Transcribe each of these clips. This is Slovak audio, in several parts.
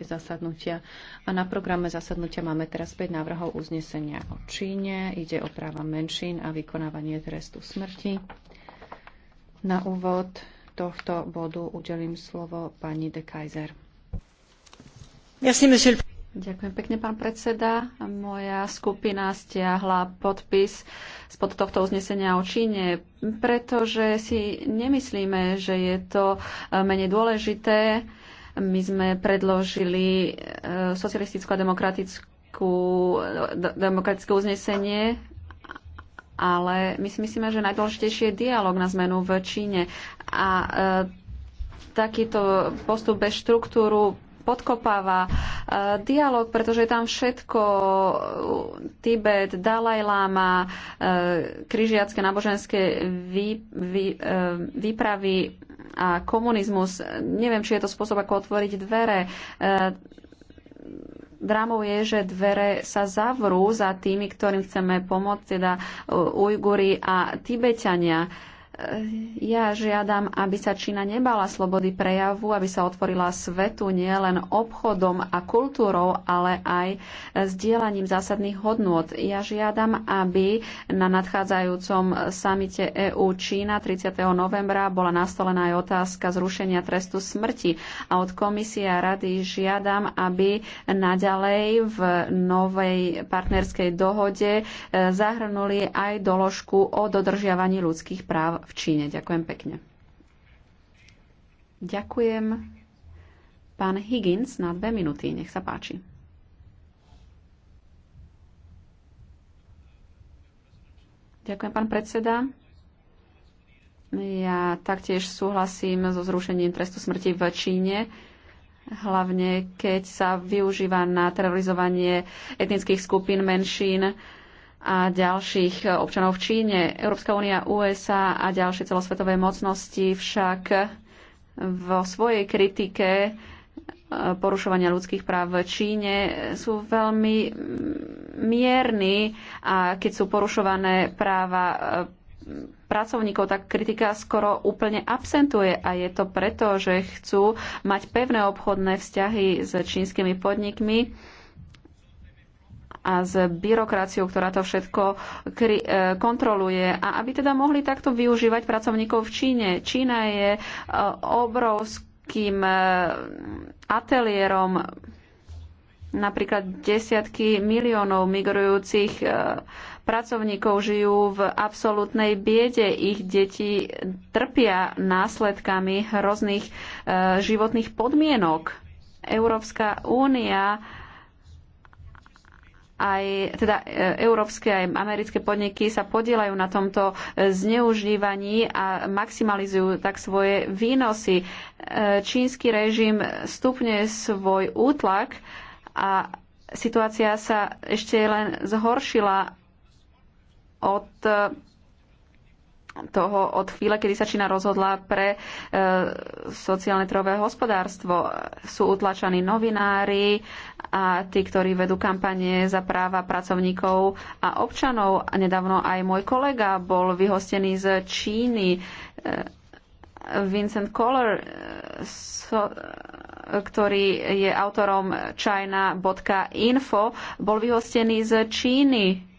zasadnutia. A na programe zasadnutia máme teraz 5 návrhov uznesenia o Číne. Ide o práva menšín a vykonávanie trestu smrti. Na úvod tohto bodu udelím slovo pani de Kaiser. Ďakujem pekne, pán predseda. Moja skupina stiahla podpis spod tohto uznesenia o Číne, pretože si nemyslíme, že je to menej dôležité my sme predložili e, socialistickú a demokratickú, e, demokratické uznesenie ale my si myslíme, že najdôležitejšie je dialog na zmenu v Číne a e, takýto postup bez štruktúru podkopáva e, dialog, pretože je tam všetko, e, Tibet, Dalaj Lama, e, križiacké náboženské vý, vý, e, výpravy, a komunizmus. Neviem, či je to spôsob, ako otvoriť dvere. E, drámou je, že dvere sa zavrú za tými, ktorým chceme pomôcť, teda Ujguri a Tibetania E, ja žiadam, aby sa Čína nebala slobody prejavu, aby sa otvorila svetu nielen obchodom a kultúrou, ale aj sdielaním zásadných hodnôt. Ja žiadam, aby na nadchádzajúcom samite EU Čína 30. novembra bola nastolená aj otázka zrušenia trestu smrti. A od komisie a rady žiadam, aby naďalej v novej partnerskej dohode e, zahrnuli aj doložku o dodržiavaní ľudských práv v Číne. Ďakujem pekne. Ďakujem. Pán Higgins na dve minúty, nech sa páči. Ďakujem, pán predseda. Ja taktiež súhlasím so zrušením trestu smrti v Číne, hlavne keď sa využíva na terorizovanie etnických skupín menšín a ďalších občanov v Číne. Európska únia, USA a ďalšie celosvetové mocnosti však vo svojej kritike e, porušovania ľudských práv v Číne sú veľmi mierni a keď sú porušované práva e, pracovníkov, tak kritika skoro úplne absentuje a je to preto, že chcú mať pevné obchodné vzťahy s čínskymi podnikmi a s byrokraciou, ktorá to všetko e, kontroluje. A aby teda mohli takto využívať pracovníkov v Číne. Čína je e, obrovským e, ateliérom napríklad desiatky miliónov migrujúcich pracovníkov žijú v absolútnej biede. Ich deti trpia následkami hrozných životných podmienok. Európska únia aj teda e, európske aj americké podniky sa podielajú na tomto e, zneužívaní a maximalizujú tak svoje výnosy. E, čínsky režim stupňuje svoj útlak a situácia sa ešte len zhoršila od toho od chvíle, kedy sa Čína rozhodla pre e, sociálne trové hospodárstvo. Sú utlačaní novinári, a tí, ktorí vedú kampanie za práva pracovníkov a občanov. A nedávno aj môj kolega bol vyhostený z Číny. E, Vincent Koller, e, so, e, ktorý je autorom China.info, bol vyhostený z Číny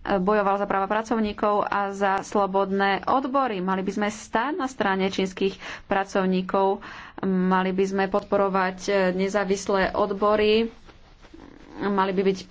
bojoval za práva pracovníkov a za slobodné odbory. Mali by sme stáť na strane čínskych pracovníkov, mali by sme podporovať nezávislé odbory, mali by byť e,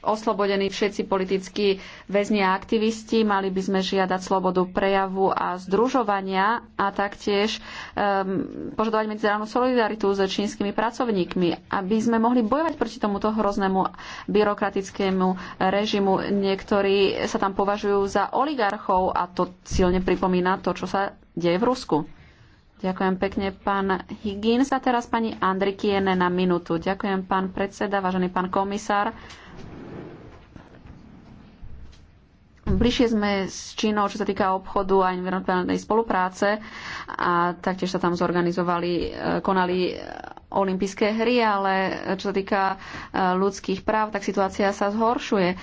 oslobodení všetci politickí väzni a aktivisti. Mali by sme žiadať slobodu prejavu a združovania a taktiež um, požadovať medzinárodnú solidaritu so čínskymi pracovníkmi, aby sme mohli bojovať proti tomuto hroznému byrokratickému režimu. Niektorí sa tam považujú za oligarchov a to silne pripomína to, čo sa deje v Rusku. Ďakujem pekne, pán Higgins. A teraz pani Andrikiene na minútu. Ďakujem, pán predseda, vážený pán komisár. Bližšie sme s Čínou, čo sa týka obchodu a environmentálnej spolupráce a taktiež sa tam zorganizovali, e, konali e, olympijské hry, ale e, čo sa týka ľudských práv, tak situácia sa zhoršuje.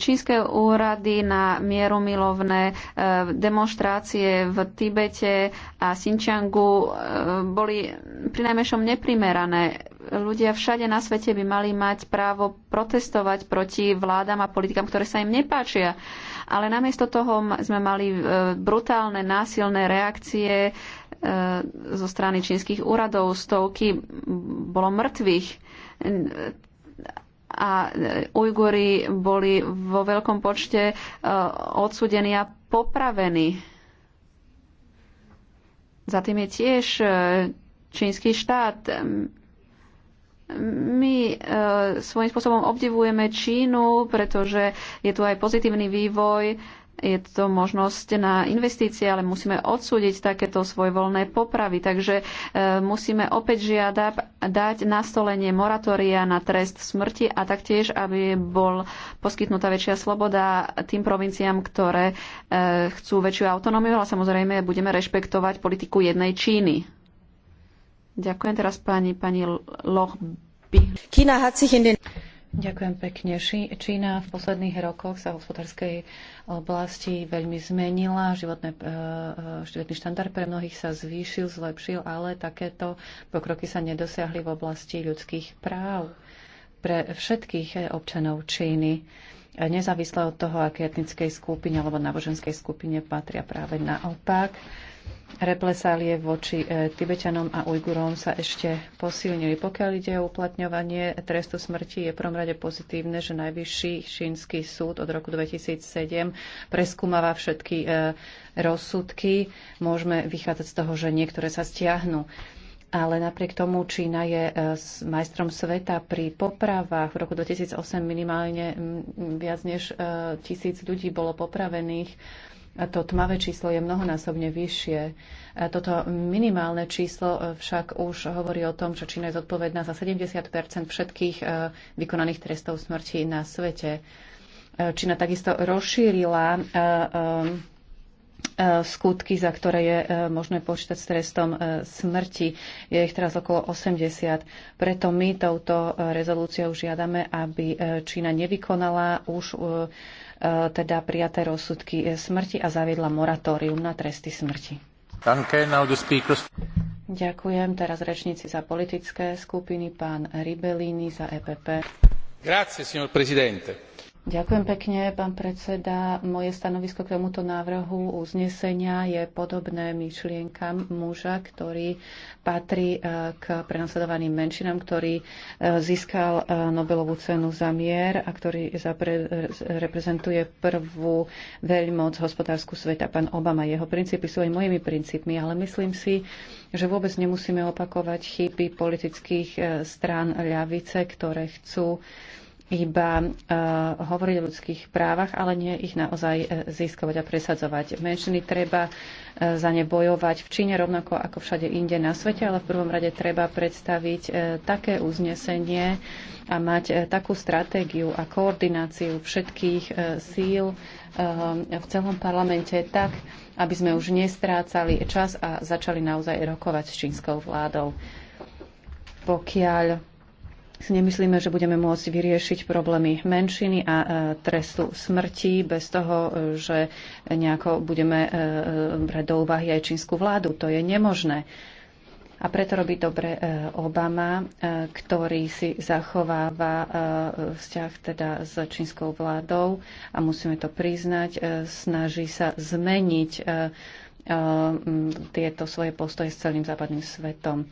Čínske úrady na mierumilovné demonstrácie v Tibete a Xinjiangu boli prinajmešom neprimerané ľudia všade na svete by mali mať právo protestovať proti vládam a politikám, ktoré sa im nepáčia ale namiesto toho sme mali e, brutálne násilné reakcie e, zo strany čínskych úradov. Stovky bolo mŕtvych a e, Ujguri boli vo veľkom počte odsudení a popravení. Za tým je tiež čínsky štát my e, svojím spôsobom obdivujeme Čínu, pretože je tu aj pozitívny vývoj, je to možnosť na investície, ale musíme odsúdiť takéto svojvoľné popravy. Takže e, musíme opäť žiadať dať nastolenie moratória na trest smrti a taktiež, aby bol poskytnutá väčšia sloboda tým provinciám, ktoré e, chcú väčšiu autonómiu, ale samozrejme budeme rešpektovať politiku jednej Číny. Ďakujem teraz pani, pani Lochby. hat sich in den... Ďakujem pekne. Čína v posledných rokoch sa v hospodárskej oblasti veľmi zmenila. Životné, e, e, životný štandard pre mnohých sa zvýšil, zlepšil, ale takéto pokroky sa nedosiahli v oblasti ľudských práv pre všetkých občanov Číny, nezávisle od toho, aké etnickej skupine alebo náboženskej skupine patria práve naopak. Replesálie voči e, Tibetanom a Ujgurom sa ešte posilnili. Pokiaľ ide o uplatňovanie trestu smrti, je prvom rade pozitívne, že najvyšší šínsky súd od roku 2007 preskúmava všetky e, rozsudky. Môžeme vychádzať z toho, že niektoré sa stiahnu ale napriek tomu Čína je e, majstrom sveta pri popravách. V roku 2008 minimálne viac než e, tisíc ľudí bolo popravených. To tmavé číslo je mnohonásobne vyššie. Toto minimálne číslo e, však už hovorí o tom, že Čína je zodpovedná za 70 všetkých vykonaných trestov smrti na svete. Čína takisto rozšírila E, skutky, za ktoré je e, možné počítať s trestom e, smrti. Je ich teraz okolo 80. Preto my touto rezolúciou žiadame, aby Čína nevykonala už teda prijaté rozsudky smrti a zaviedla moratórium na tresty smrti. Ďakujem. Teraz rečníci za politické skupiny. Pán Ribelini za EPP. Grazie, signor Presidente Ďakujem pekne, pán predseda. Moje stanovisko k tomuto návrhu uznesenia je podobné myšlienkam muža, ktorý patrí e, k prenasledovaným menšinám, ktorý e, získal e, Nobelovú cenu za mier a ktorý zapre, reprezentuje prvú veľmoc hospodárskú sveta, pán Obama. Jeho princípy sú aj mojimi princípmi, ale myslím si, že vôbec nemusíme opakovať chyby politických strán ľavice, ktoré chcú iba e, hovoriť o ľudských právach, ale nie ich naozaj e, získovať a presadzovať. Menšiny treba e, za ne bojovať v Číne rovnako ako všade inde na svete, ale v prvom rade treba predstaviť také uznesenie a mať takú stratégiu a koordináciu všetkých síl v celom parlamente tak, aby sme už nestrácali čas a začali naozaj rokovať s čínskou vládou. Pokiaľ si nemyslíme, že budeme môcť vyriešiť problémy menšiny a e, trestu smrti bez toho, e, že nejako budeme e, brať do úvahy aj čínsku vládu. To je nemožné. A preto robí dobre Obama, ktorý si zachováva vzťah teda s čínskou vládou a musíme to priznať, snaží sa zmeniť tieto svoje postoje s celým západným svetom.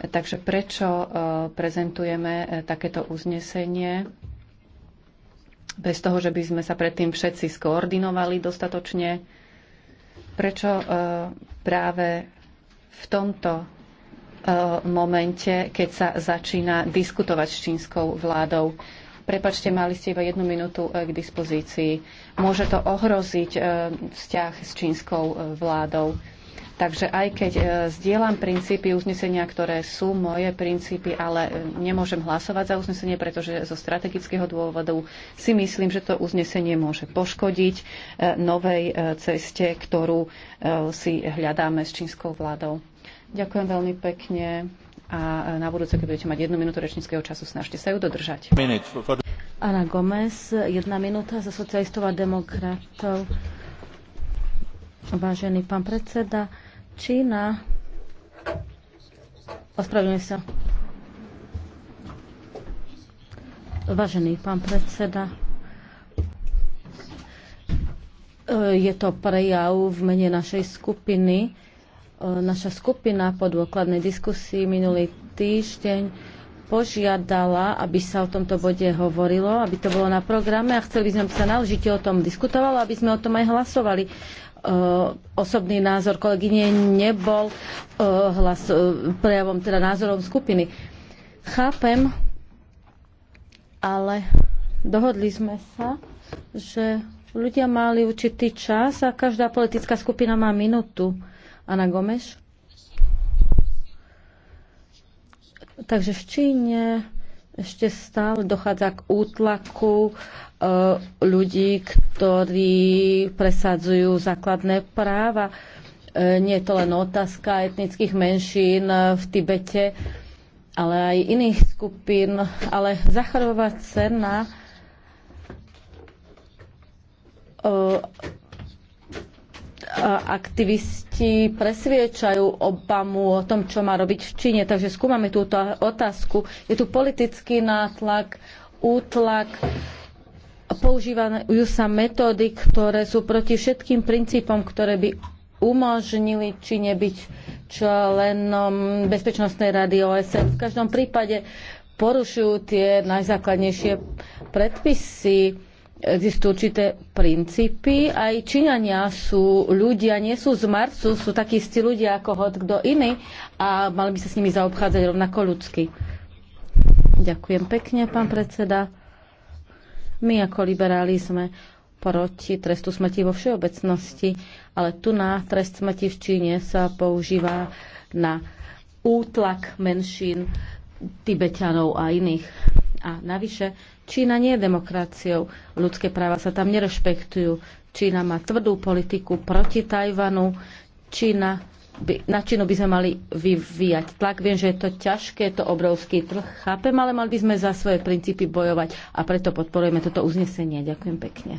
Takže prečo e, prezentujeme e, takéto uznesenie bez toho, že by sme sa predtým všetci skoordinovali dostatočne? Prečo e, práve v tomto momente, keď sa začína diskutovať s čínskou vládou? Prepačte, mali ste iba jednu minútu k dispozícii. Môže to ohroziť vzťah s čínskou vládou? Takže aj keď e, zdieľam princípy uznesenia, ktoré sú moje princípy, ale e, nemôžem hlasovať za uznesenie, pretože zo strategického dôvodu si myslím, že to uznesenie môže poškodiť e, novej ceste, ktorú si hľadáme s čínskou vládou. Ďakujem veľmi pekne a na budúce, keď budete mať jednu minútu rečníckého času, snažte sa ju dodržať. Ana Gomez, jedna minúta za socialistov a demokratov. Vážený pán predseda, Čína. Ospravedlňujem sa. Vážený pán predseda, je to prejav v mene našej skupiny. Naša skupina po dôkladnej diskusii minulý týždeň požiadala, aby sa o tomto bode hovorilo, aby to bolo na programe a chceli by sme sa náležite o tom diskutovalo, aby sme o tom aj hlasovali. Eh, osobný názor kolegyne nebol eh, hlas, eh, prejavom, teda názorom skupiny. Chápem, ale dohodli sme sa, že ľudia mali určitý čas a každá politická skupina má minútu. Ana Gomeš? Takže v Číne ešte stále dochádza k útlaku eh, ľudí, ktorí presadzujú základné práva. Eh, nie je to len otázka etnických menšín v Tibete, ale aj iných skupín. Ale Zacharová cena eh, aktivisti presviečajú Obamu o tom, čo má robiť v Číne. Takže skúmame túto otázku. Je tu politický nátlak, útlak, používajú sa metódy, ktoré sú proti všetkým princípom, ktoré by umožnili Číne byť členom Bezpečnostnej rady OSN. V každom prípade porušujú tie najzákladnejšie predpisy existujú určité princípy. Aj Číňania sú ľudia, nie sú z Marsu, sú takí istí ľudia ako hod kto iný a mali by sa s nimi zaobchádzať rovnako ľudsky. Ďakujem pekne, pán predseda. My ako liberáli sme proti trestu smrti vo všeobecnosti, ale tu na trest smrti v Číne sa používa na útlak menšín Tibetanov a iných. A navyše Čína nie je demokraciou, ľudské práva sa tam nerešpektujú. Čína má tvrdú politiku proti Tajvanu. Čína by, na Čínu by sme mali vyvíjať tlak. Viem, že je to ťažké, je to obrovský trh, chápem, ale mali by sme za svoje princípy bojovať a preto podporujeme toto uznesenie. Ďakujem pekne.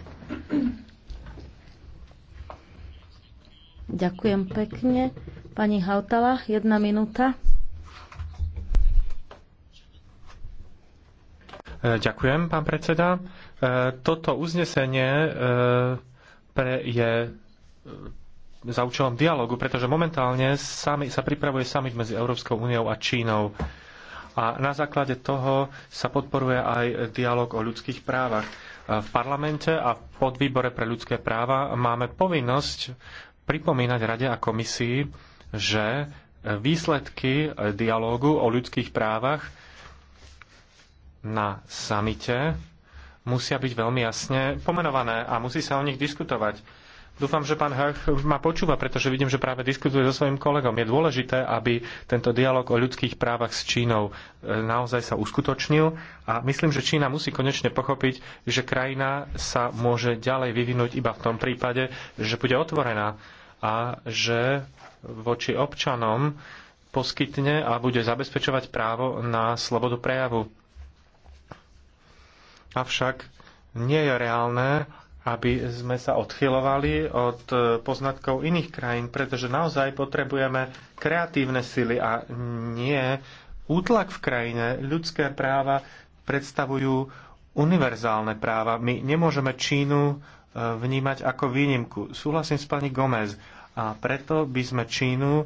Ďakujem pekne. Pani Hautala, jedna minúta. E, ďakujem, pán predseda. E, toto uznesenie e, pre je za účelom dialogu, pretože momentálne sami, sa pripravuje summit medzi Európskou úniou a Čínou. A na základe toho sa podporuje aj dialog o ľudských právach. V parlamente a v podvýbore pre ľudské práva máme povinnosť pripomínať Rade a komisii, že výsledky dialógu o ľudských právach na samite musia byť veľmi jasne pomenované a musí sa o nich diskutovať. Dúfam, že pán Hach ma počúva, pretože vidím, že práve diskutuje so svojím kolegom. Je dôležité, aby tento dialog o ľudských právach s Čínou e, naozaj sa uskutočnil a myslím, že Čína musí konečne pochopiť, že krajina sa môže ďalej vyvinúť iba v tom prípade, že bude otvorená a že voči občanom poskytne a bude zabezpečovať právo na slobodu prejavu Avšak nie je reálne, aby sme sa odchylovali od e, poznatkov iných krajín, pretože naozaj potrebujeme kreatívne sily a nie útlak v krajine. Ľudské práva predstavujú univerzálne práva. My nemôžeme Čínu e, vnímať ako výnimku. Súhlasím s pani Gomez. A preto by sme Čínu e,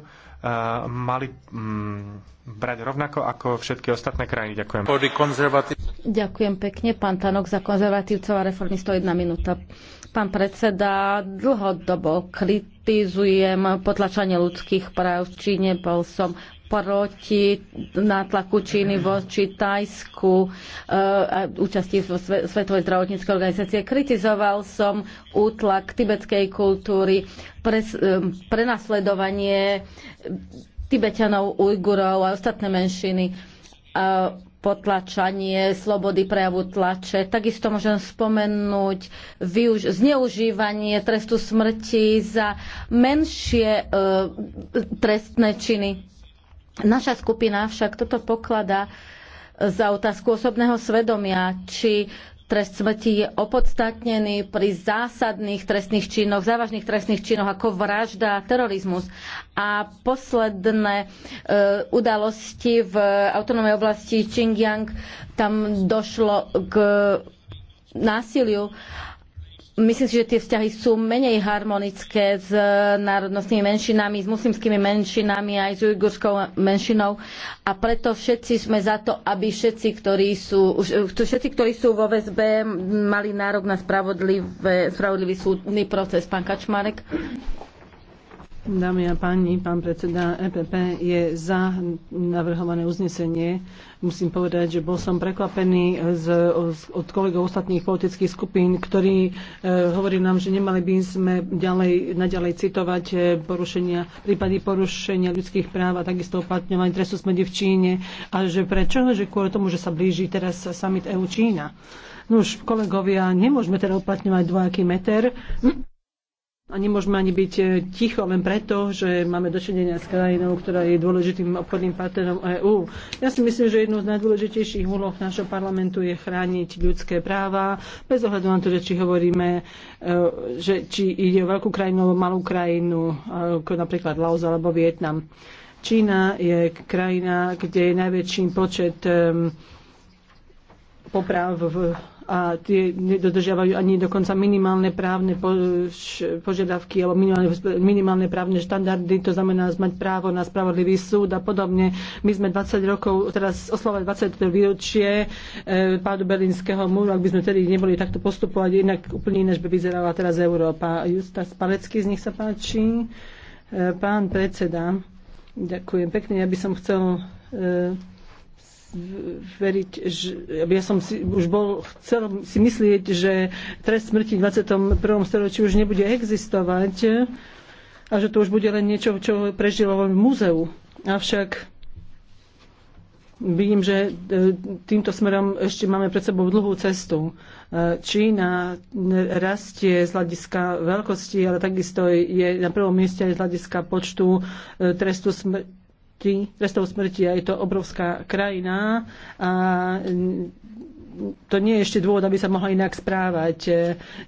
mali mm, brať rovnako ako všetky ostatné krajiny. Ďakujem. Ďakujem pekne, pán Tanok, za konzervatívcov a reformistov. Jedna minúta. Pán predseda, dlhodobo kritizujem potlačanie ľudských práv či nebol som proti nátlaku Číny voči Tajsku eh, a účasti v Svetovej zdravotníckej organizácie. Kritizoval som útlak tibetskej kultúry, um, prenasledovanie Tibetanov, Ujgurov a ostatné menšiny. Uh, potlačanie slobody prejavu tlače. Takisto môžem spomenúť využ- zneužívanie trestu smrti za menšie e, trestné činy. Naša skupina však toto pokladá za otázku osobného svedomia, či Trest smrti je opodstatnený pri zásadných trestných činoch, závažných trestných činoch ako vražda, terorizmus. A posledné e, udalosti v autonómnej oblasti Xinjiang, tam došlo k násiliu Myslím si, že tie vzťahy sú menej harmonické s eh, národnostnými menšinami, s muslimskými menšinami, aj s ujgurskou menšinou a preto všetci sme za to, aby všetci, ktorí sú, eh, všetci, ktorí sú vo VSB, mali nárok na spravodlivý súdny proces. Pán Kačmarek. Dámy a páni, pán predseda EPP je za navrhované uznesenie. Musím povedať, že bol som prekvapený z, od kolegov ostatných politických skupín, ktorí e, hovorili nám, že nemali by sme ďalej, naďalej citovať e, porušenia, prípady porušenia ľudských práv a takisto uplatňovanie trestu smrti v Číne. A že prečo? Že kvôli tomu, že sa blíži teraz summit EU Čína. No už kolegovia, nemôžeme teda uplatňovať dvojaký meter. A nemôžeme ani byť e, ticho len preto, že máme dočinenia s krajinou, ktorá je dôležitým obchodným partnerom EÚ. Ja si myslím, že jednou z najdôležitejších úloh nášho parlamentu je chrániť ľudské práva, bez ohľadu na to, že či hovoríme, e, že či ide o veľkú krajinu alebo malú krajinu, e, ako napríklad Laos alebo Vietnam. Čína je krajina, kde je najväčší počet poprav v a tie nedodržiavajú ani dokonca minimálne právne požiadavky alebo minimálne, minimálne právne štandardy, to znamená mať právo na spravodlivý súd a podobne. My sme 20 rokov, teraz oslovať 20. výročie e, pádu Berlínskeho múru, ak by sme tedy neboli takto postupovať, inak úplne ináč by vyzerala teraz Európa. Justa Spalecký, z nich sa páči. E, pán predseda, ďakujem pekne. Ja by som chcel e, veriť, že ja som si, už bol, chcel si myslieť, že trest smrti v 21. storočí už nebude existovať a že to už bude len niečo, čo prežilo v múzeu. Avšak vidím, že e, týmto smerom ešte máme pred sebou dlhú cestu. E, Čína rastie z hľadiska veľkosti, ale takisto je na prvom mieste aj z hľadiska počtu e, trestu smrti smrti, trestov smrti a je to obrovská krajina a to nie je ešte dôvod, aby sa mohla inak správať.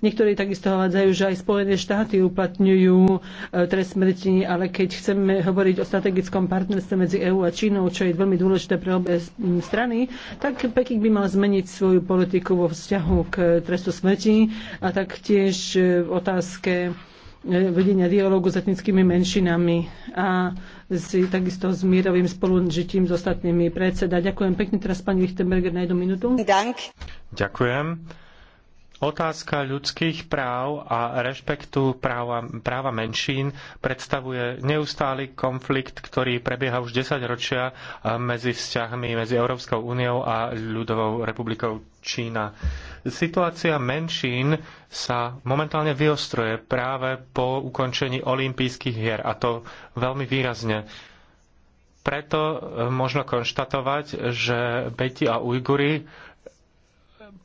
Niektorí takisto hovádzajú, že aj Spojené štáty uplatňujú e, trest smrti, ale keď chceme hovoriť o strategickom partnerstve medzi EÚ a Čínou, čo je veľmi dôležité pre obe strany, tak Peking by mal zmeniť svoju politiku vo vzťahu k trestu smrti a taktiež e, v otázke e, vedenia dialogu s etnickými menšinami. A s, takisto s mierovým spolužitím s ostatnými predseda. Ďakujem pekne teraz pani Lichtenberger na jednu minútu. Ďakujem. Otázka ľudských práv a rešpektu práva, práva menšín predstavuje neustály konflikt, ktorý prebieha už 10 ročia eh, medzi vzťahmi medzi Európskou úniou a ľudovou republikou Čína. Situácia menšín sa momentálne vyostruje práve po ukončení olympijských hier a to veľmi výrazne. Preto eh, možno konštatovať, že Beti a Ujguri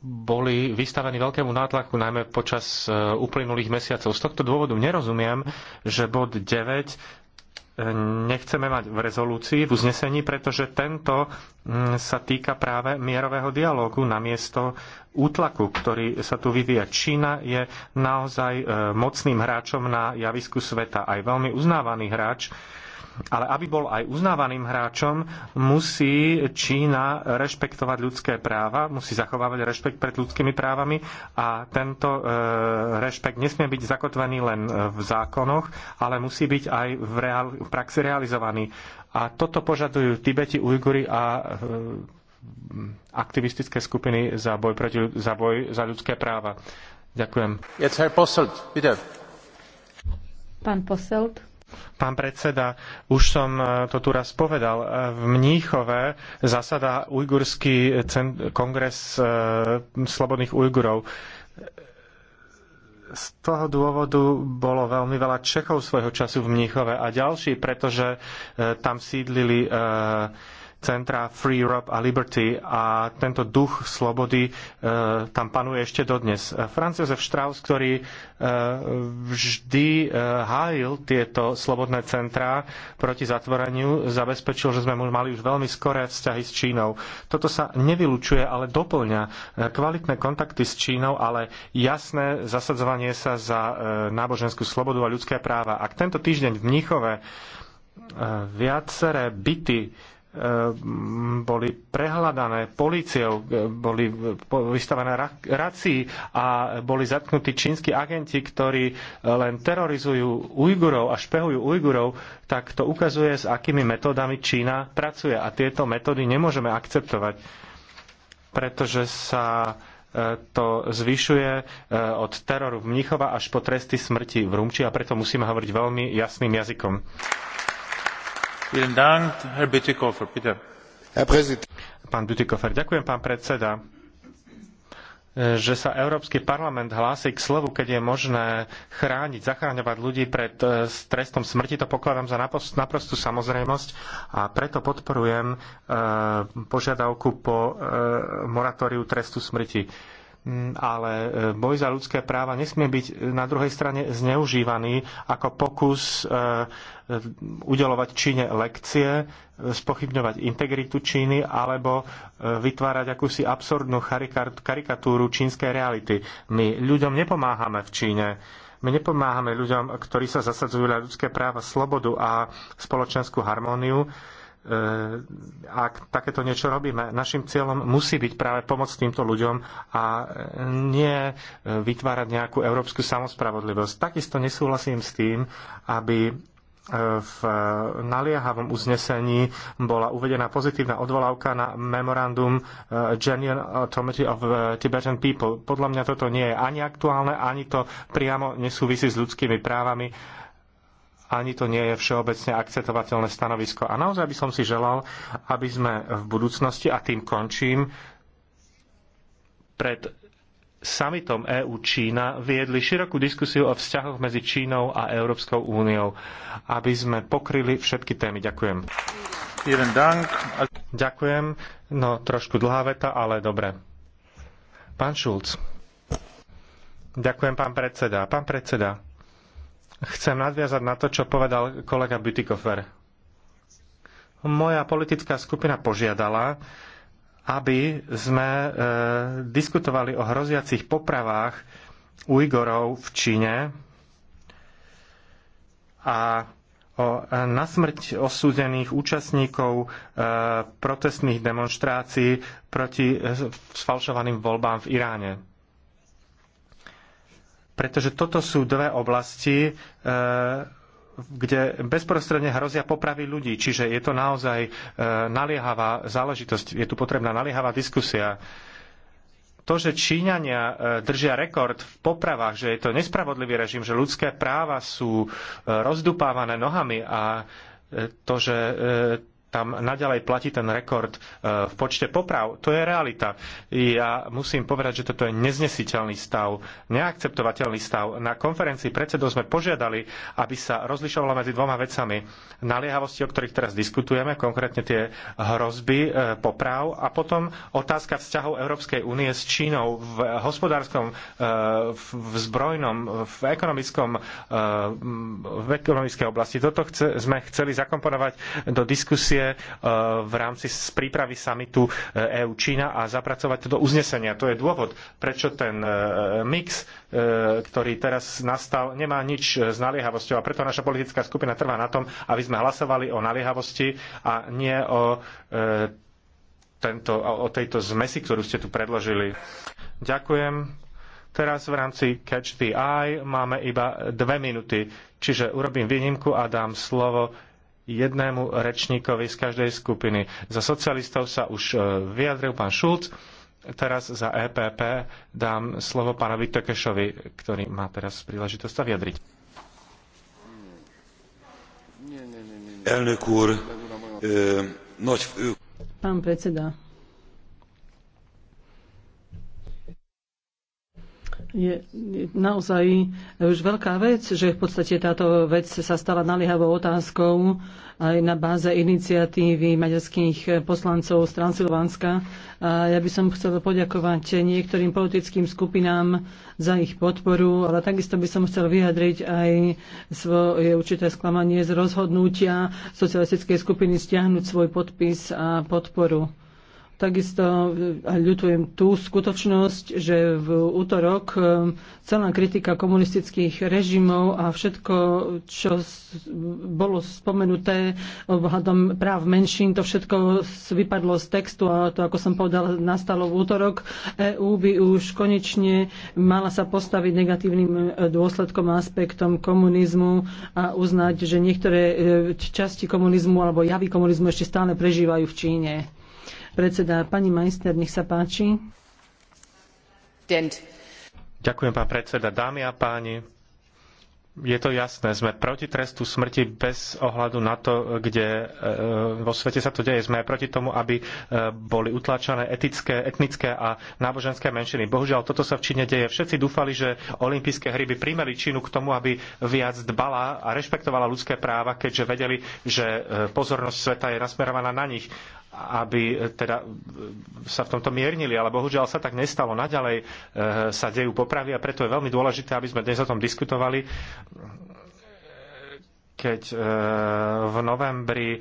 boli vystavení veľkému nátlaku, najmä počas e, uplynulých mesiacov. Z tohto dôvodu nerozumiem, že bod 9 e, nechceme mať v rezolúcii, v uznesení, pretože tento mm, sa týka práve mierového dialógu namiesto útlaku, ktorý sa tu vyvíja. Čína je naozaj e, mocným hráčom na javisku sveta, aj veľmi uznávaný hráč ale aby bol aj uznávaným hráčom, musí Čína rešpektovať ľudské práva, musí zachovávať rešpekt pred ľudskými právami a tento e, rešpekt nesmie byť zakotvený len v zákonoch, ale musí byť aj v, reál, v praxi realizovaný. A toto požadujú Tibeti, Ujguri a e, aktivistické skupiny za boj, proti, za boj za ľudské práva. Ďakujem. Pán Poselt. Pán predseda, už som e, to tu raz povedal. E, v Mníchove zasadá ujgurský kongres e, slobodných Ujgurov. Z toho dôvodu bolo veľmi veľa Čechov svojho času v Mníchove a ďalší, pretože tam sídlili centra Free Europe a Liberty a tento duch slobody e, tam panuje ešte dodnes. E, Franz Josef Strauss, ktorý e, vždy e, hájil tieto slobodné centrá proti zatvoreniu, zabezpečil, že sme mali už veľmi skoré vzťahy s Čínou. Toto sa nevylučuje, ale doplňa e, kvalitné kontakty s Čínou, ale jasné zasadzovanie sa za e, náboženskú slobodu a ľudské práva. Ak tento týždeň v Mníchove viaceré byty Ehm, boli prehľadané policiou, boli vystavené racii a boli zatknutí čínsky agenti, ktorí e, len terorizujú Ujgurov a špehujú Ujgurov, tak to ukazuje, s akými metódami Čína pracuje. A tieto metódy nemôžeme akceptovať, pretože sa e, to zvyšuje e, od teroru v Mnichova až po tresty smrti v Rumči a preto musíme hovoriť veľmi jasným jazykom. Pán ďakujem, pán predseda že sa Európsky parlament hlási k slovu, keď je možné chrániť, zachráňovať ľudí pred e, trestom smrti, to pokladám za naprostú samozrejmosť a preto podporujem e, požiadavku po e, moratóriu trestu smrti Mm, ale e, boj za ľudské práva nesmie byť na druhej strane zneužívaný ako pokus e, e, udelovať Číne lekcie, spochybňovať integritu Číny alebo vytvárať akúsi absurdnú karikatúru čínskej reality. My ľuďom nepomáhame v Číne. My nepomáhame ľuďom, ktorí sa zasadzujú na ľudské práva, slobodu a spoločenskú harmóniu E, ak takéto niečo robíme, našim cieľom musí byť práve pomoc týmto ľuďom a nie e, vytvárať nejakú európsku samospravodlivosť. Takisto nesúhlasím s tým, aby e, v naliehavom uznesení bola uvedená pozitívna odvolávka na memorandum Genuine Autonomy of Tibetan People. Podľa mňa toto nie je ani aktuálne, ani to priamo nesúvisí s ľudskými právami ani to nie je všeobecne akceptovateľné stanovisko. A naozaj by som si želal, aby sme v budúcnosti, a tým končím, pred summitom EU-Čína viedli širokú diskusiu o vzťahoch medzi Čínou a Európskou úniou, aby sme pokryli všetky témy. Ďakujem. Ďakujem. No, trošku dlhá veta, ale dobre. Pán Šulc. Ďakujem, pán predseda. Pán predseda, Chcem nadviazať na to, čo povedal kolega Bütikofer. Moja politická skupina požiadala, aby sme e, diskutovali o hroziacich popravách Ujgorov v Číne a o e, nasmrť osúdených účastníkov e, protestných demonstrácií proti e, sfalšovaným voľbám v Iráne pretože toto sú dve oblasti, e, kde bezprostredne hrozia popravy ľudí. Čiže je to naozaj e, naliehavá záležitosť, je tu potrebná naliehavá diskusia. To, že Číňania e, držia rekord v popravách, že je to nespravodlivý režim, že ľudské práva sú rozdupávané nohami a to, že tam naďalej platí ten rekord e, v počte poprav. To je realita. Ja musím povedať, že toto je neznesiteľný stav, neakceptovateľný stav. Na konferencii predsedov sme požiadali, aby sa rozlišovalo medzi dvoma vecami. Naliehavosti, o ktorých teraz diskutujeme, konkrétne tie hrozby e, poprav a potom otázka vzťahov Európskej únie s Čínou v hospodárskom, e, v zbrojnom, v ekonomickom, v ekonomickej oblasti. Toto chce, sme chceli zakomponovať do diskusie E, v rámci prípravy samitu EU-Čína e a zapracovať to do uznesenia. To je dôvod, prečo ten e, mix, ktorý teraz nastal, nemá nič s naliehavosťou a preto naša politická skupina trvá na tom, aby sme hlasovali o naliehavosti a nie o tento, o tejto zmesi, ktorú ste tu predložili. Ďakujem. Teraz v rámci Catch the Eye máme iba dve minúty, čiže urobím výnimku a dám slovo jednému rečníkovi z každej skupiny. Za socialistov sa už e, vyjadril pán Šulc. Teraz za EPP dám slovo pánovi Tekešovi, ktorý má teraz príležitosť sa vyjadriť. E, pán predseda, je naozaj už veľká vec, že v podstate táto vec sa stala naliehavou otázkou aj na báze iniciatívy maďarských poslancov z Transilvánska. A ja by som chcela poďakovať niektorým politickým skupinám za ich podporu, ale takisto by som chcel vyjadriť aj svoje určité sklamanie z rozhodnutia socialistickej skupiny stiahnuť svoj podpis a podporu. Takisto eh, ľutujem tú skutočnosť, že v útorok eh, celá kritika komunistických režimov a všetko, čo bolo spomenuté ohľadom práv menšín, to všetko vypadlo z textu a to, ako som povedal, nastalo v útorok. EÚ by už konečne mala sa postaviť negatívnym eh, dôsledkom a aspektom komunizmu a uznať, že niektoré časti komunizmu alebo javy komunizmu ešte stále prežívajú v Číne. Predseda, pani majster, nech sa páči. Ďakujem, pán predseda. Dámy a páni, je to jasné, sme proti trestu smrti bez ohľadu na to, kde e, vo svete sa to deje. Sme aj proti tomu, aby e, boli utlačené etické, etnické a náboženské menšiny. Bohužiaľ, toto sa v Číne deje. Všetci dúfali, že olympijské hry by primeli Čínu k tomu, aby viac dbala a rešpektovala ľudské práva, keďže vedeli, že e, pozornosť sveta je nasmerovaná na nich aby e, teda e, sa v tomto miernili, ale bohužiaľ sa tak nestalo. Naďalej e, sa dejú popravy a preto je veľmi dôležité, aby sme dnes o tom diskutovali keď e, v novembri e,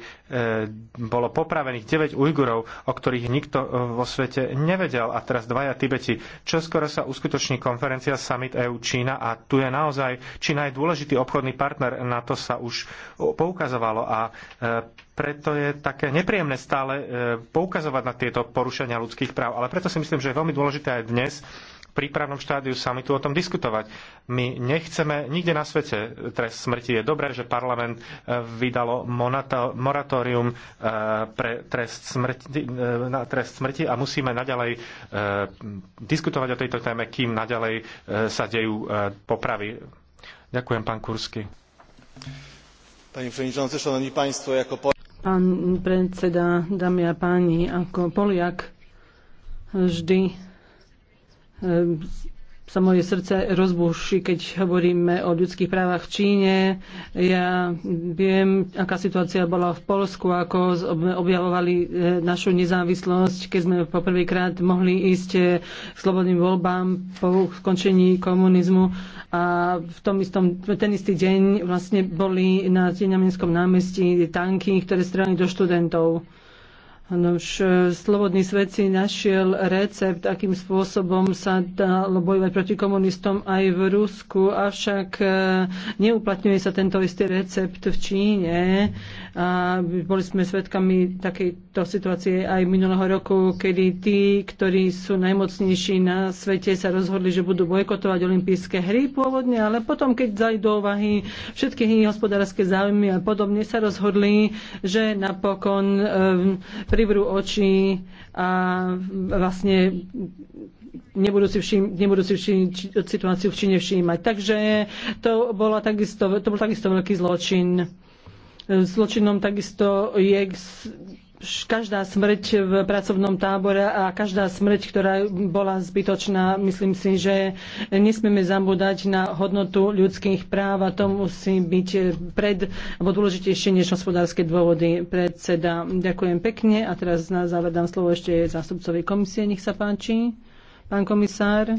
bolo popravených 9 Ujgurov, o ktorých nikto e, vo svete nevedel a teraz dvaja Tibeti. čo skoro sa uskutoční konferencia Summit EU Čína a tu je naozaj Čína je dôležitý obchodný partner, na to sa už poukazovalo a preto je také nepríjemné stále poukazovať na tieto porušenia ľudských práv. Ale preto si myslím, že je veľmi dôležité aj dnes prípravnom štádiu samitu o tom diskutovať. My nechceme nikde na svete trest smrti. Je dobré, že parlament e, vydalo moratórium e, pre trest smrti, e, na trest smrti a musíme naďalej diskutovať o tejto téme, kým naďalej sa dejú popravy. Ďakujem, pán Kursky. Panie przewodniczący, szanowni państwo, Pán predseda, dámy a páni, ako Poliak vždy Ehm, sa moje srdce rozbúši, keď hovoríme o ľudských právach v Číne. Ja viem, aká situácia bola v Polsku, ako sme objavovali e, našu nezávislosť, keď sme poprvýkrát mohli ísť e, k slobodným voľbám po skončení komunizmu. A v tom istom, ten istý deň vlastne boli na Tieňamenskom námestí tanky, ktoré strelali do študentov. Ano, už slobodný svet si našiel recept, akým spôsobom sa dalo bojovať proti komunistom aj v Rusku, avšak e, neuplatňuje sa tento istý recept v Číne. A boli sme svedkami takejto situácie aj minulého roku, kedy tí, ktorí sú najmocnejší na svete, sa rozhodli, že budú bojkotovať olympijské hry pôvodne, ale potom, keď zajdú do ovahy všetky hospodárske záujmy a podobne, sa rozhodli, že napokon e, privrú oči a vlastne nebudú si, všim, nebudú si všim, situáciu v Číne všímať. Takže to, bola takisto, to bol takisto veľký zločin. Zločinom takisto je každá smrť v pracovnom tábore a každá smrť, ktorá bola zbytočná, myslím si, že nesmieme zabúdať na hodnotu ľudských práv a to musí byť pred, alebo dôležitejšie než hospodárske dôvody predseda. Ďakujem pekne a teraz na záver dám slovo ešte zástupcovi komisie, nech sa páči. Pán komisár.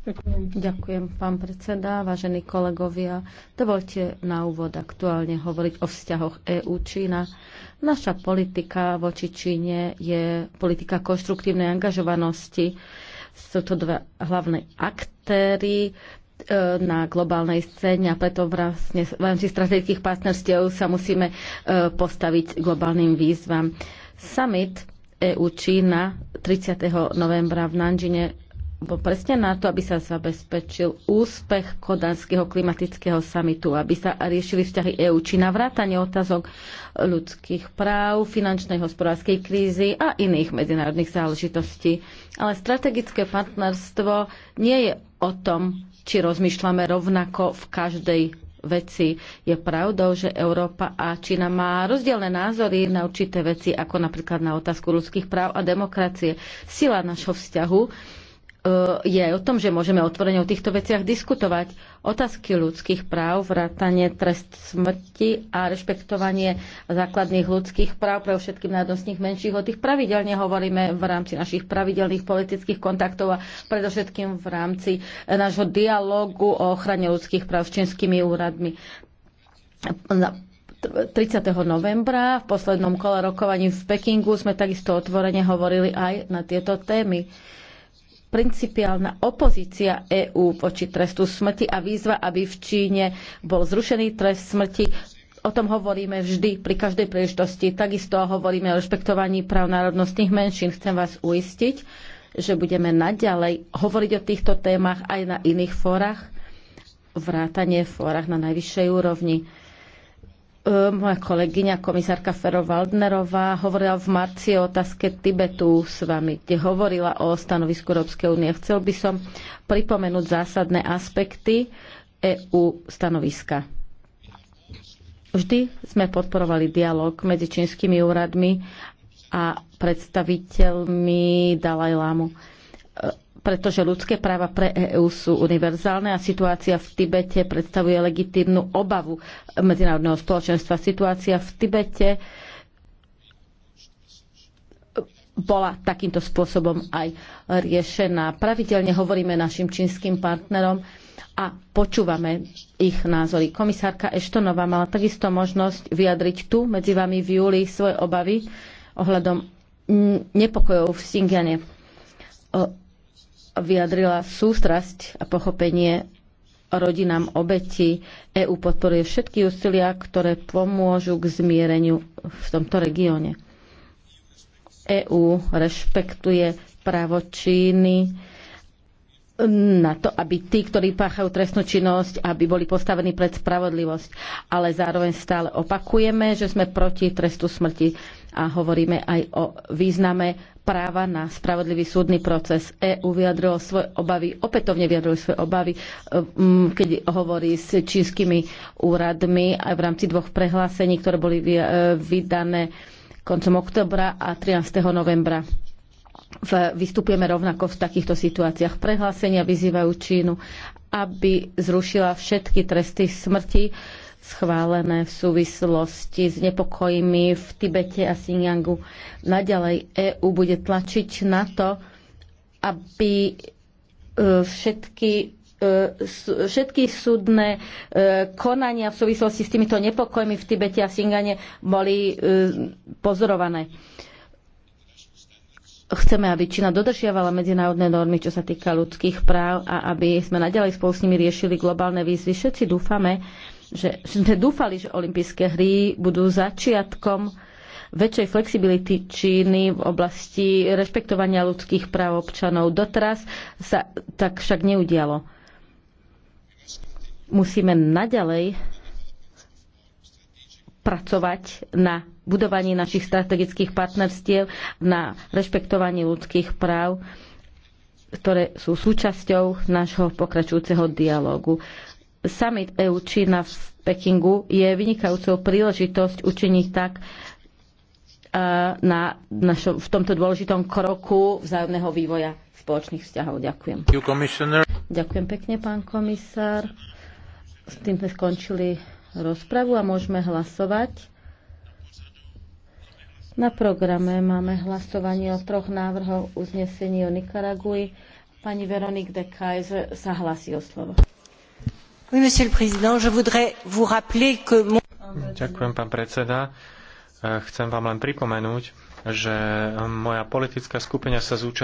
Ďakujem. Ďakujem, pán predseda, vážení kolegovia. Dovolte na úvod aktuálne hovoriť o vzťahoch EU-Čína. Naša politika voči Číne je politika konštruktívnej angažovanosti. Sú to dva hlavné aktéry e, na globálnej scéne a preto v rámci strategických partnerstiev sa musíme e, postaviť globálnym výzvam. Summit EU-Čína 30. novembra v Nanžine bol presne na to, aby sa zabezpečil úspech kodanského klimatického samitu, aby sa riešili vzťahy EÚ, či navrátanie otázok ľudských práv, finančnej hospodárskej krízy a iných medzinárodných záležitostí. Ale strategické partnerstvo nie je o tom, či rozmýšľame rovnako v každej veci. Je pravdou, že Európa a Čína má rozdielne názory na určité veci, ako napríklad na otázku ľudských práv a demokracie. Sila našho vzťahu E, je aj o tom, že môžeme otvorene o týchto veciach diskutovať. Otázky ľudských práv, vrátanie trest smrti a rešpektovanie základných ľudských práv pre všetkých národnostných menších. O tých pravidelne hovoríme v rámci našich pravidelných politických kontaktov a predovšetkým v rámci nášho dialógu o ochrane ľudských práv s čínskymi úradmi. 30. novembra v poslednom kole rokovaní v Pekingu sme takisto otvorene hovorili aj na tieto témy principiálna opozícia EÚ voči trestu smrti a výzva, aby v Číne bol zrušený trest smrti. O tom hovoríme vždy, pri každej príležitosti. Takisto hovoríme o rešpektovaní práv národnostných menšín. Chcem vás uistiť, že budeme naďalej hovoriť o týchto témach aj na iných fórach, vrátanie v fórach na najvyššej úrovni. E, moja kolegyňa komisárka Fero Waldnerová hovorila v marci o otázke Tibetu s vami, kde hovorila o stanovisku Európskej únie. Chcel by som pripomenúť zásadné aspekty EU stanoviska. Vždy sme podporovali dialog medzi čínskymi úradmi a predstaviteľmi Dalaj Lámu e, pretože ľudské práva pre EÚ sú univerzálne a situácia v Tibete predstavuje legitímnu obavu medzinárodného spoločenstva. Situácia v Tibete bola takýmto spôsobom aj riešená. Pravidelne hovoríme našim čínskym partnerom a počúvame ich názory. Komisárka Eštonová mala takisto možnosť vyjadriť tu medzi vami v júli svoje obavy ohľadom nepokojov v Singiane vyjadrila sústrasť a pochopenie rodinám obeti. EÚ podporuje všetky úsilia, ktoré pomôžu k zmiereniu v tomto regióne. EÚ rešpektuje právo Číny na to, aby tí, ktorí páchajú trestnú činnosť, aby boli postavení pred spravodlivosť. Ale zároveň stále opakujeme, že sme proti trestu smrti a hovoríme aj o význame práva na spravodlivý súdny proces. EU vyjadrilo svoje obavy, opätovne vyjadrilo svoje obavy, e, keď hovorí s čínskymi úradmi aj v rámci dvoch prehlásení, ktoré boli e, vydané koncom oktobra a 13. novembra. Vystupujeme rovnako v takýchto situáciách. Prehlásenia vyzývajú Čínu, aby zrušila všetky tresty smrti, schválené v súvislosti s nepokojmi v Tibete a Xinjiangu. Naďalej EÚ bude tlačiť na to, aby e, všetky e, všetky súdne e, konania v súvislosti s týmito nepokojmi v Tibete a Singane boli pozorované. Chceme, aby Čína dodržiavala medzinárodné normy, čo sa týka ľudských práv a aby sme naďalej spolu s nimi riešili globálne výzvy. Všetci dúfame, že sme dúfali, že olympijské hry budú začiatkom väčšej flexibility Číny v oblasti rešpektovania ľudských práv občanov. Doteraz sa tak však neudialo. Musíme naďalej pracovať na budovaní našich strategických partnerstiev, na rešpektovaní ľudských práv, ktoré sú súčasťou nášho pokračujúceho dialógu summit EU Čína v Pekingu je vynikajúcou príležitosť učiniť tak e, na našo, v tomto dôležitom kroku vzájomného vývoja spoločných vzťahov. Ďakujem. Ďakujem pekne, pán komisár. S tým sme skončili rozpravu a môžeme hlasovať. Na programe máme hlasovanie o troch návrhoch uznesení o Nikaragui. Pani Veronik de Kaiser sa hlasí o slovo. Ďakujem, pán e, Chcem vám len pripomenúť, že moja politická skupina sa zúčastnila